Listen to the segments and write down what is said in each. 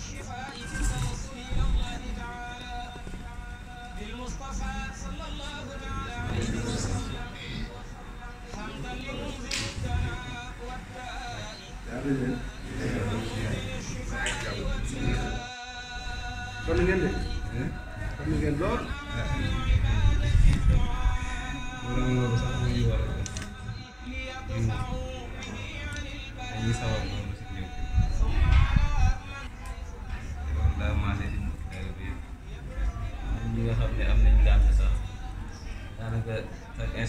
والشفاء في التوصل الى الله تعالى بالمصطفى صلى الله تعالى عليه وسلم حمدا لمنزل الدناء والداء ومنزل الشفاء والداء كم قلبك؟ كم قلبك؟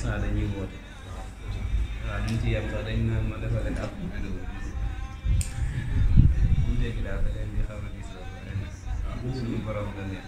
instant dañuy woote waaw ñu ci yem sax dañ naan ma defal leen ab vidéo bu ñu dégg daal da leen di xaw a gis la waaw suñu la neex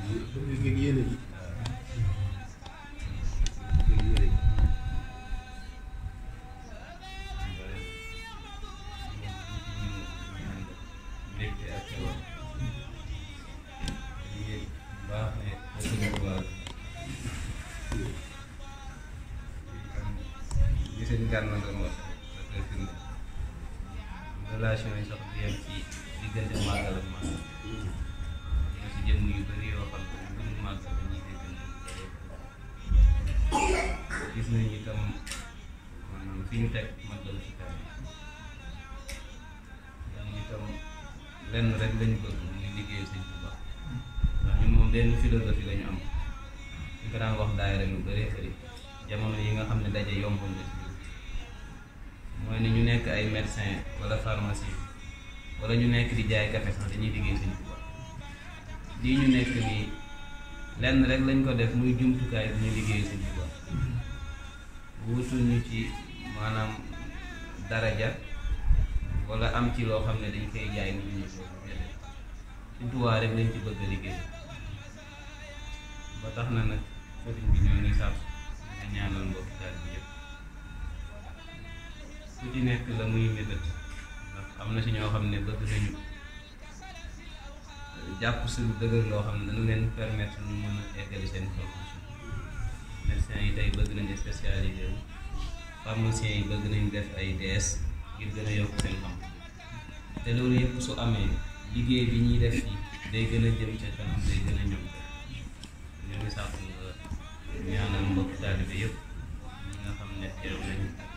benn philosophie la ñu am ñu ko daan wax daayira lu jamono yi nga xam ne daje yomboon na ñu nekk ay médecin wala wala ñu nekk di jaay café sax liggéey Sëñ Tuubaa lii ñu nekk nii lenn rek lañ ko def muy jumtukaay bu ñu liggéey Sëñ Tuubaa wutuñu ci maanaam daraja wala am ci loo xam ne dañ koy jaay nit ñi Sëñ Tuubaa rek lañ ci bëgg a liggéey ba tax na nag sëriñ bi ñoo ngi sàpp nga ñaanal mbokki daal bi yëpp ku nekk la muy mébét am na si ñoo xam ne bëgg nañu jàpp si dëgër loo xam ne dana leen permettre lu mën a eggali seen formation médecins yi tey bëgg nañ spécialisé wu yi bëgg nañ def ay DS ngir gën a yokk seen xam te loolu yëpp su amee liggéey bi ñuy def fii day gën a jëm ca kanam day gën a ñëw sàkk nga ñaanal mbokki taalibe yëpp ñi nga xam ne teew nañ ak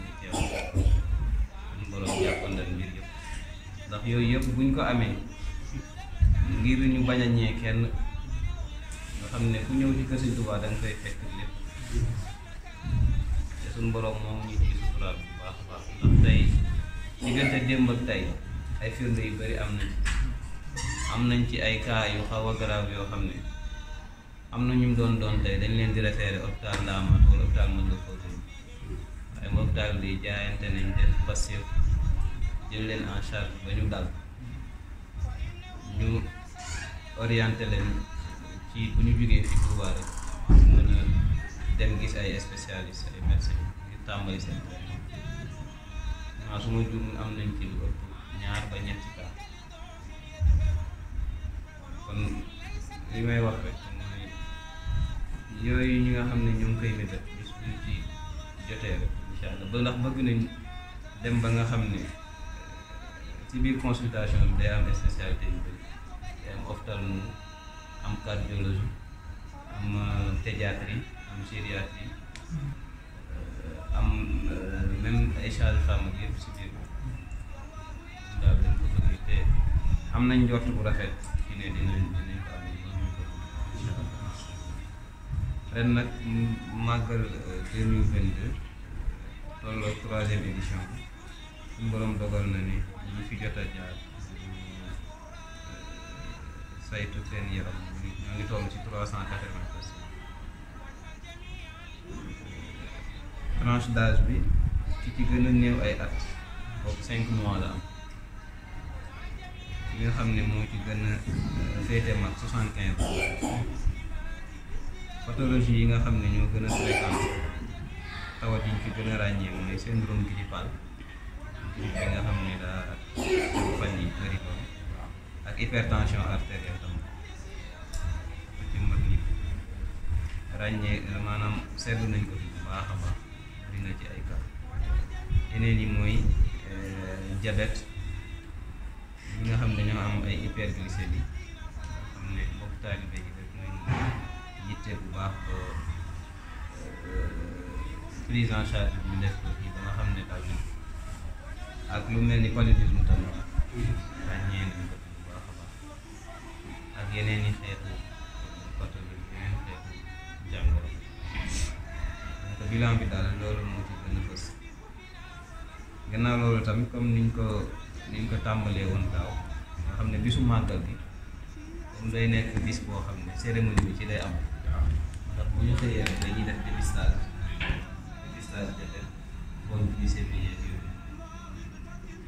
ñi jàppandal mbir yëpp ndax yooyu yëpp buñ ko amee ngir ñu bañ a ñee kenn nga xam ne ku ñëw ci kër Sëriñ Tuubaa koy fekk lépp te suñu borom moom ñu ci suturaal bu baax a baax ndax tey diggante démb ak tey ay firnde yu bari am nañ am nañ ci ay cas yu xaw a yoo xam ne am na ñu doon doon tay dañ leen di référé hôpital la ma wala hôpital ko Fawzeyni ay mo hôpital di jaayante nañ def passif jël leen en charge ba ñu dal ñu orienté leen ci bu ñu jógee fi Touba rek mën dem gis ay spécialistes ay médecins ngir tàmbali seen traitement maa su ma juum am nañ ci lu ëpp ñaar ba ñetti cas kon li may wax rek. yooyu ñi nga xam ne ñoo ngi koy métal bis bu ci jotee rek incha allah ba ndax bëgg nañ dem ba nga xam ne euh, ci biir consultation bi day am spécialité yu bëri day am ophtalmo am cardiologie am euh, pédiatrie am gériatrie euh, am même ay sages-femmes ak yëpp si biir daal dañ ko bëgg te am nañ njort bu rafet ci ne dina ren nag màggal deux mille vingt deux tolloo troisième édition bi suñu borom dogal na ni ñu fi jot a jaar saytu seen yaram ñoo ngi toll ci trois cent quatre vingt personnes tranche d'âge bi ki ci gën a néew ay at boobu cinq mois la am li nga xam ne moo ci gën a féete mag soixante quinze pathologie yi nga xam ne ñoo gën a fréquent tawat yi ci gën a ràññee mooy syndrome grippal grippe nga xam ne daa fan yi ak hypertension artérielle tam ci mag ñi ràññee maanaam seetlu nañ ko fi bu ba? na ci ay euh, diabète yi nga ñoo am ay hyperglycémie yitte bu baax euh, euh, prise en charge bi def ko fii xam ne daal ak lu mel ni paludisme tamit ràññee nañ a baax ak yeneen i xeetu pathologie yeneen xeetu jàngoro bi daal tamit comme niñ ko niñ ko tàmbalee woon daaw nga xam ne bisu màggal bi comme day nekk bis boo xam ne cérémonie bi ci lay am ndax bu ñu xëyee rek dañuy def dépistage dépistage de leen bon glycémie bi yeeg yooyu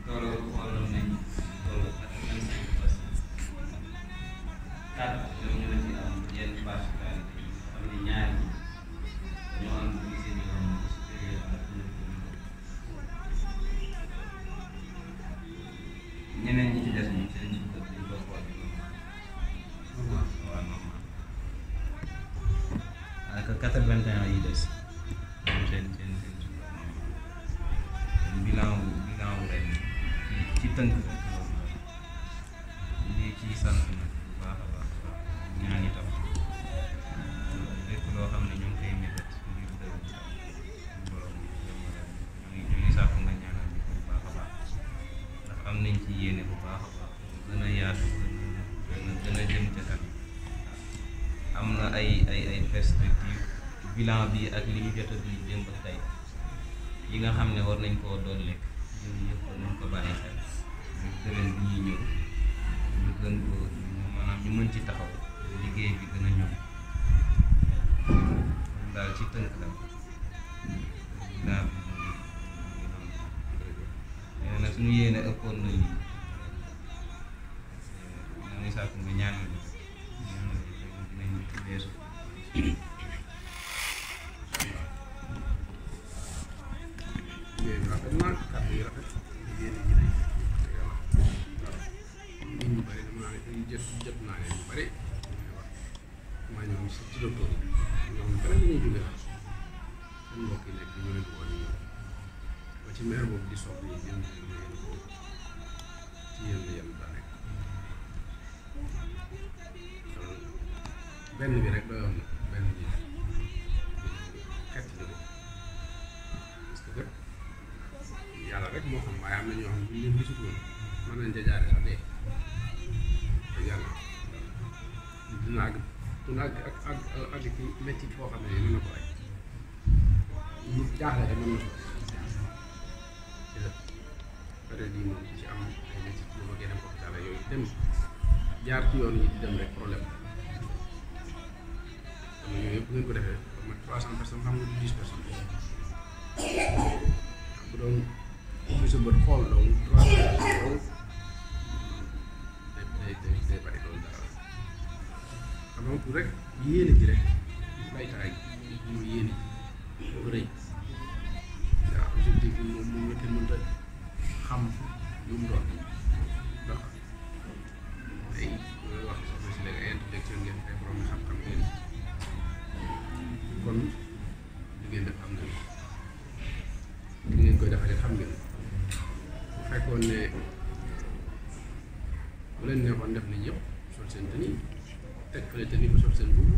tolloo xooloon nañ tolloo quatre vingt cinq pour cent tënk rek loolu la ñu ngi sant baax a baax ñaan xam ne ñu ngi koy mébét ngir dëgg borom ñu ngi sàkk nga ñaanal ñu bu baax a baax ndax am nañ ci yéene bu baax a baax gën a yaatu gën gën a jëm ca kanam am na ay ay perspective bilan bi ak li ñu jot benn bi rek doyoon na benn bi xet ci dëgg parce que yàlla rek moo xam waaye am na ñoo xam ne ñun gisut woon mën nañ ca jaare sax dee yàlla dina àgg dina ci métti foo xam ne mën na ko rek ñu jaaxle rek mën na ko ci dëkk ci am ma génne dem jaar ci yoon yi di dem rek problème bu ngeen ko defee ba mat trois cent personnes xam nga du dix personnes bu doon ubbi sa bët xool donc trois cent personnes day day day bari loolu dara xam nga rek yéene ji rek laytaay kon li ngeen def am nañu li ngeen koy defalee xam ngeen bu fekkoon ne bu leen neexoon def nañ yëpp sol seen tenue teg fële tenue ba sol seen buubu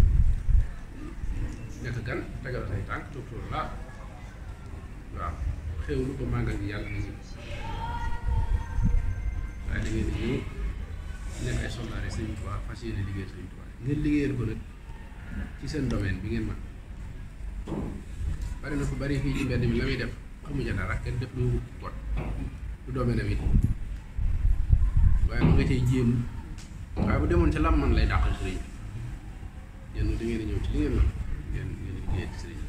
nekk gan tegal say tànk tuur tuur laa waaw xew lu ko màggal gi yàlla nañu waaye da ngeen di ñëw nekk ay soldaar yi Sëñ Tuubaa liggéey Sëñ Tuubaa ngeen liggéeyal ko nag ci seen domaine bi ngeen mën bari na ko bari fi ci mbedd mi la def xamu ñu dara kenn def lu bon du doome na wi waaye ma nga cay jéem waaye bu demoon ci lam man lay dàqal sëriñ bi di ngeen a ñëw ci li ngeen man ngeen ngeen liggéey ci sëriñ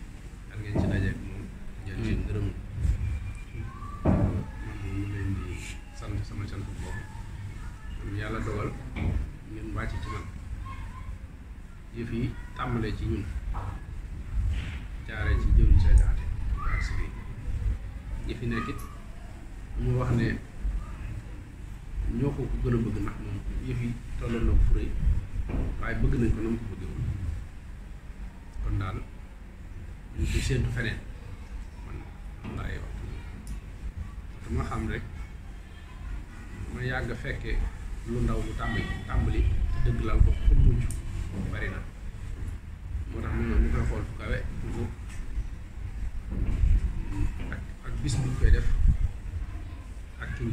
ak ngeen ci dajeeg moom ngeen ci ngërëm man mu leen di sant sama sant ñu yàlla dogal ngeen wàcc ci man yëf yi tàmbalee ci ñun jaaree ci jëwriñ saytaane ak si ñi fi nekk it wax ne ñoo ko gën a bëgg ndax moom ko fu rëy waaye bëgg nañ ko na mu ko kon daal ñu ngi feneen man am na ay waxtu xam rek ma yàgg fekke lu ndaw tàmbali tàmbali te dëgg laal ko fu mujj bari moo tax mu ne ñu koy xool fu kawe gis nuñ koy def ak fuñ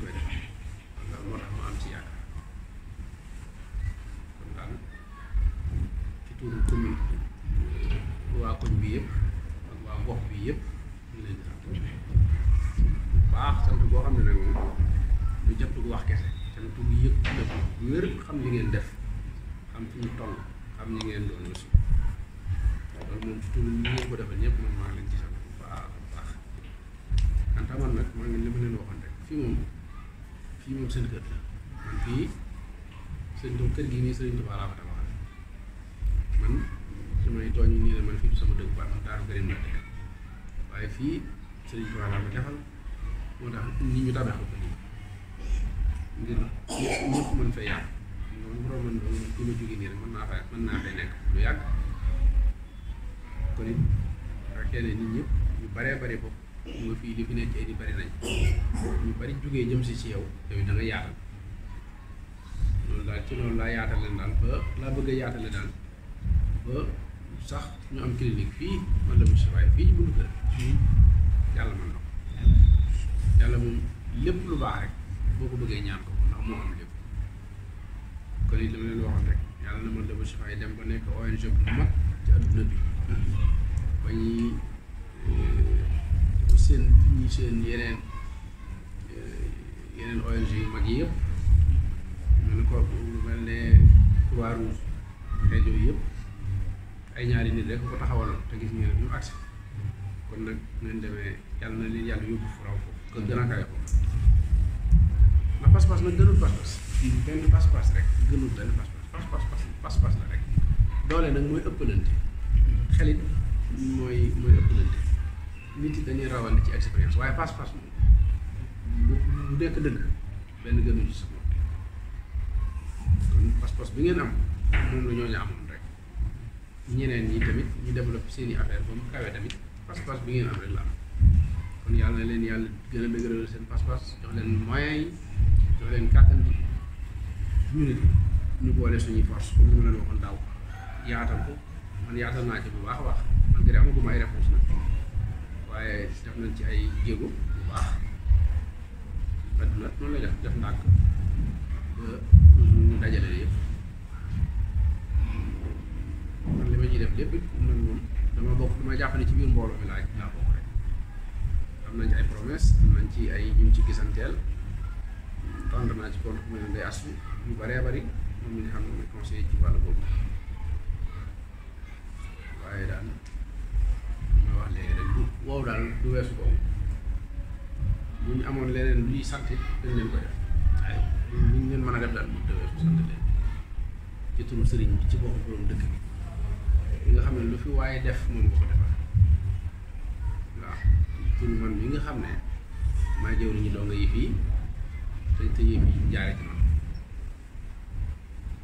ñoom seen kër fii seen doom kër gii nii sëriñ Tuubaa laa ko tabaxal man su tooñ nii ne man fii du sama dëkk baax na Daaru Karim laa dëkk waaye fii sëriñ Tuubaa laa ko defal moo tax nit ñu tabaxal ko nii ngir ñëpp mën naa fay mën naa fay nit ñu baree bari bopp nga fii li fi nekk ci ay di bari nañ ñu bari jógee jëm si ci yow yow da nga yaatal loolu daal ci loolu laa yaatale daal ba laa bëgg a yaatale daal ba sax ñu am clinique fii man la mu si waaye fii ci bunt yàlla mën na ko yàlla moom lépp lu baax rek boo ko bëggee ñaan ko ndax moo am lépp kon it dama leen waxoon rek yàlla na man la mu si waaye dem ba nekk ONG bu mag ci adduna bi ba ci seen yeneen ONG magi mag yëpp ko lu mel ne Croix Rouge ay ñaari nit rek ko taxawaloon te gis ngeen ñu agsi kon nag nañ demee yàlla na leen yàlla yóbbu fu raw foofu kër gën a pas-pas gënul pas-pas pas-pas rek gënul pas-pas pas-pas pas-pas la rek doole nag mooy ëppalante xelit mooy mooy ëppalante nit yi dañuy rawal ci experience waaye pass pass bu nekk dëgg benn gënu ci sama kon pass pas bi ngeen am moom la ñooñu am rek ñeneen ñi tamit ñu développé seeni affaire ba mu kawee tamit pass pass bi ngeen am rek la am kon yàlla na leen yàlla gën a dëgëral seen pass pass jox leen moyen yi jox leen kàttan bi ñu nit ñu boole suñuy force comme ñu leen waxoon daaw yaatal ko man yaatal naa ci bu baax a baax man gërëm amaguma ay réponse nag waaye def nañ ci ay jéego bu baax adduna noonu lay def def ndànk ñu dajale yëpp man li ma def lépp it man dama bokk dama jàpp ne ci biir mbooloo mi laa bokk am nañ ci ay promesse am nañ ci ay ñu ci gisanteel rendre naa ci compte mel ne day asu yu bëree moom mi nga xam ne mooy ci wàllu boobu waaye daal boobu daal du weesu ko bu ñu amoon leneen luy sant dañ leen koy def waaye ñu leen mën a def daal mu te weesu sant leen ci turu sëriñ bi ci boppam borom dëkk bi li nga xam ne lu fi waaye def moom nga ko defal xam ne maa jëw nañu doo nga yëf yi te te yëf yi jaare ci man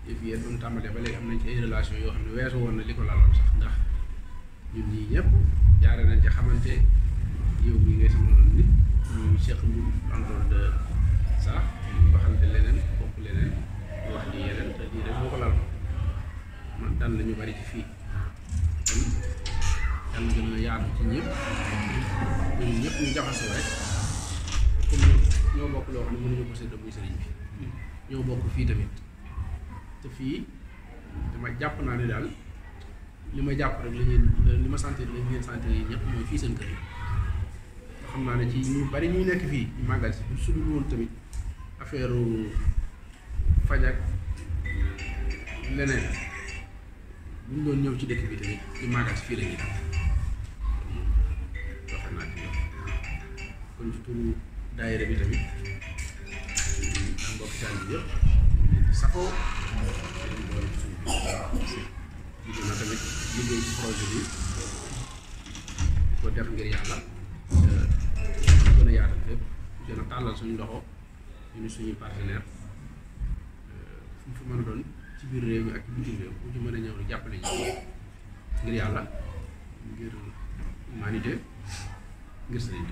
yëf yi yéen tàmbalee ba am nañ ci ay relation yoo xam ne weesu woon na li ko laloon sax ndax ñun ñii ñëpp nañ ci xamante yow mii ngay sama noonu nit ñu seq ñu en dehors de ça ñu waxante leneen bopp leneen ñu wax di yeneen te lii rek moo ko lal man daan nañu bari ci fii kon daan gën a yaatu ci ñëpp ñun ñëpp ñu bokk loo muy sëriñ bokk fii tamit te fii dama jàpp naa ne daal. li ma jàpp rek la li ma sentir la ngeen sentir yéen ñëpp mooy fii seen kër yi xam naa ne ci ñu bari ñuy nekk fii màggal si su dul woon tamit affaire faj ak leneen bu ñu doon ñëw ci dëkk bi tamit ci màggal si fii la ñuy def doxal naa ci jigéen na tamit liggéey ci projet bi ko def ngir yàlla gën a yaatal lépp gën a tàllal suñu loxo ñu suñuy partenaire fu mu fi mën a doon ci biir réew mi ak bitim réew ku mën a ñëw di jàppale ñu ngir yàlla ngir humanité ngir sëriñ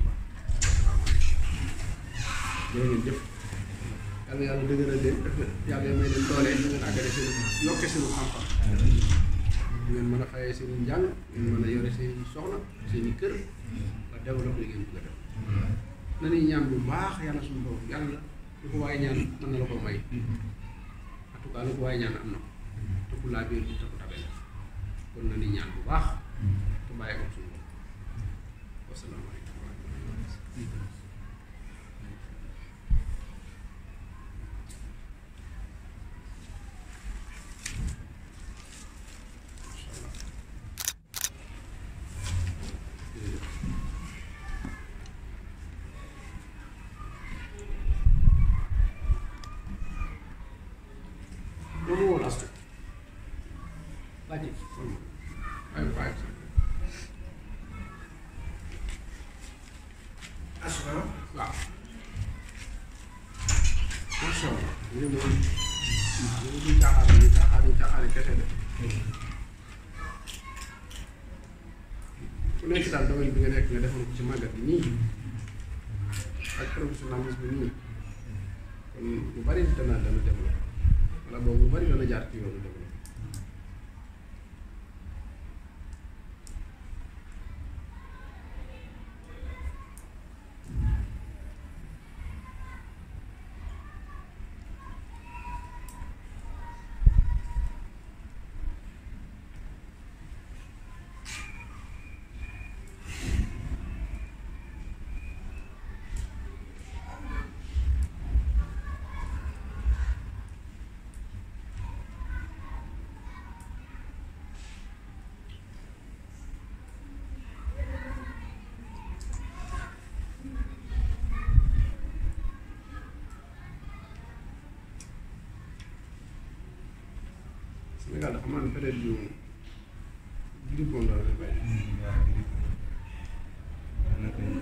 bi jërë ngeen jëf yàlla yàlla dëgëral leen yàlla may leen doole ñu ngi àggale ngeen mana kayak si seen njàng mana mën si yore si niker, ada i kër ba développe li ngeen bëgg a def nañuy ñaan bu baax yàlla suñu borom yàlla lu ko waaye ñaan mën na la ko may en tout mbir mi duñ caaxaan duñ caaxaan duñ caaxaan ku nekk daal domaine bi nga nekk nga defal ko nii Sénégal dafa amoon période yu grippe moom daal di bàyyi. man hmm,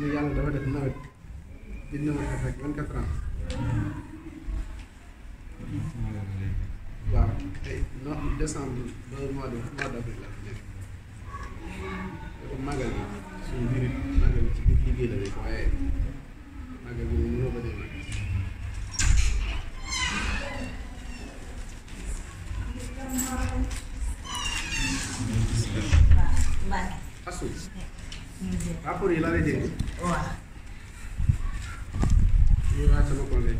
de yàlla dafa def nawet gis na ma ko fekk vingt quatre ans. waaw tey no décembre ba mois de mois d' avril laa fi nekk. dafa màggal suñu biir màggal ci biir liggéey la rek waaye màggal bi mënoo ko dee అప్పుడు ఇలానే చేయండి చదువుకోండి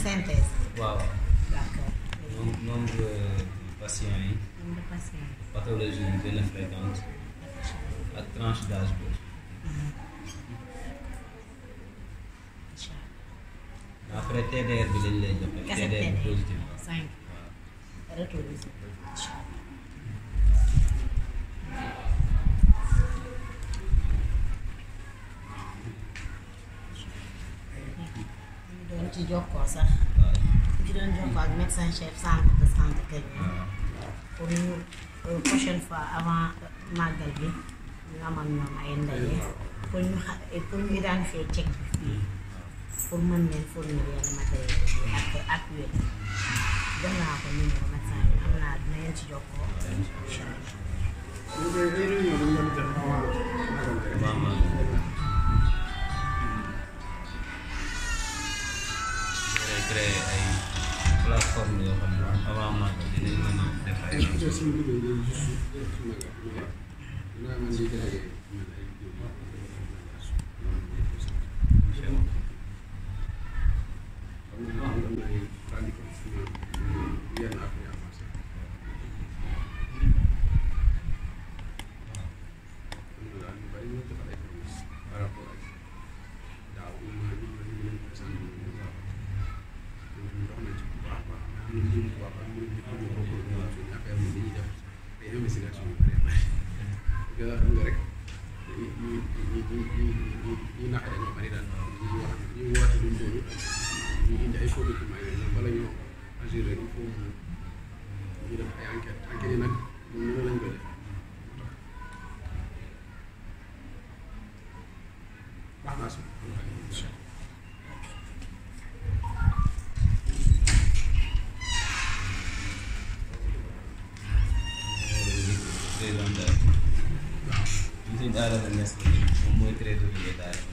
Sentese. Uau! Bacana. nome do paciente? nome do paciente. Patologia interna A tranche das boas. Mhm. après TDR bi lañ lay jox. kese TDR bi ci jokkoo sax ñu ci doon jokkoo ak médecin chef centre de santé kër gi pour ñu euh, prochaine fois avant màggal bi ñu amal ñoom ay ndaje pour ñu xa pour ñu identifier cek bi pour mën leen fournir yenn matériel bi ak ak wér jox naa ko numéro médecin bi am naa dina leen ci jokkoo incha allah créé ay plateforme yoo xam ne avant Magal dinañ mën a def ay. voluntária da minha saúde, com muita credibilidade.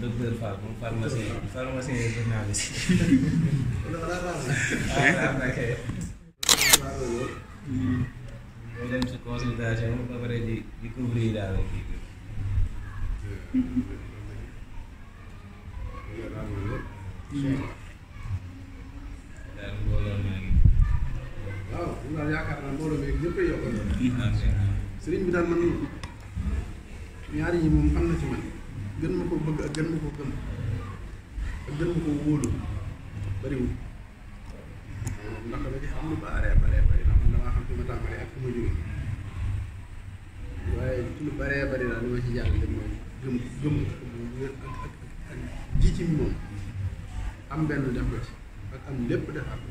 docteur Fall moom pharmacien pharmacien journaliste. Ah, ah, lu bëree bëri daal li ma ci jàngale mooy gëm moom am benn def ko ci ak lépp defar ko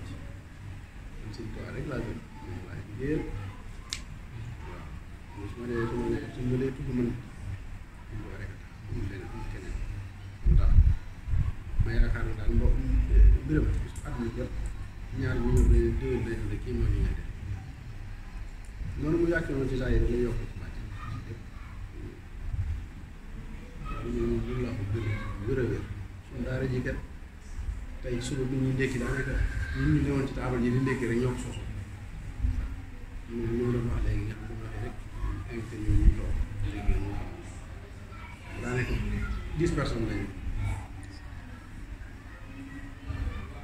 rek laa gëm moom moo tax ma eh, moo ñu ñetteel noonu mu saa yi dañuy yokk. ñu ñu ji kat tey suba bi ñuy ndékki ji di ndékki rek ñoo ko soxla moom wax léegi nga xam ne waxee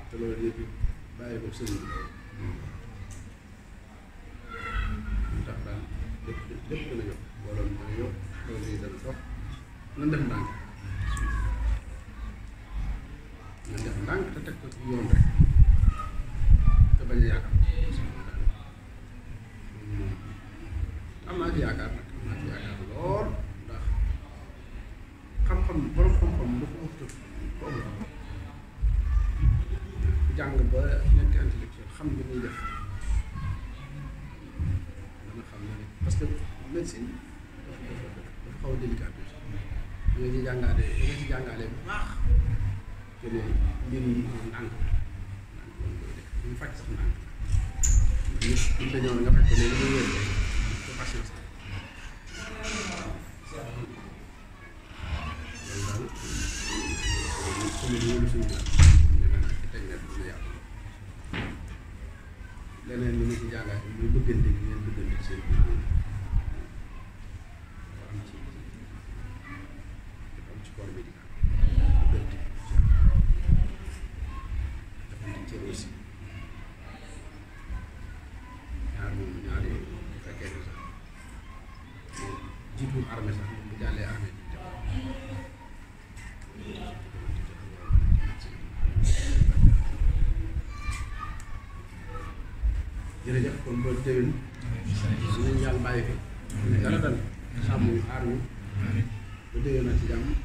te loolu yëpp bàyyi ko sëriñ bi நின்றுட்டாங்க dina ci jàngaale dina ci jàngaale bu baax te ne mbir yi moom nànk nànk moom koy def ñu faj sax nànk nit bu ñu la nga fekk ne li muy leneen li ma ci jàngaat ñu bëggante gi ngeen bëggante seen biir jërëjëf kon ba déwén ñu yàlla bàyyi fi. dara dal sàmm ñu aar ñu ba déwén na ci jàmm.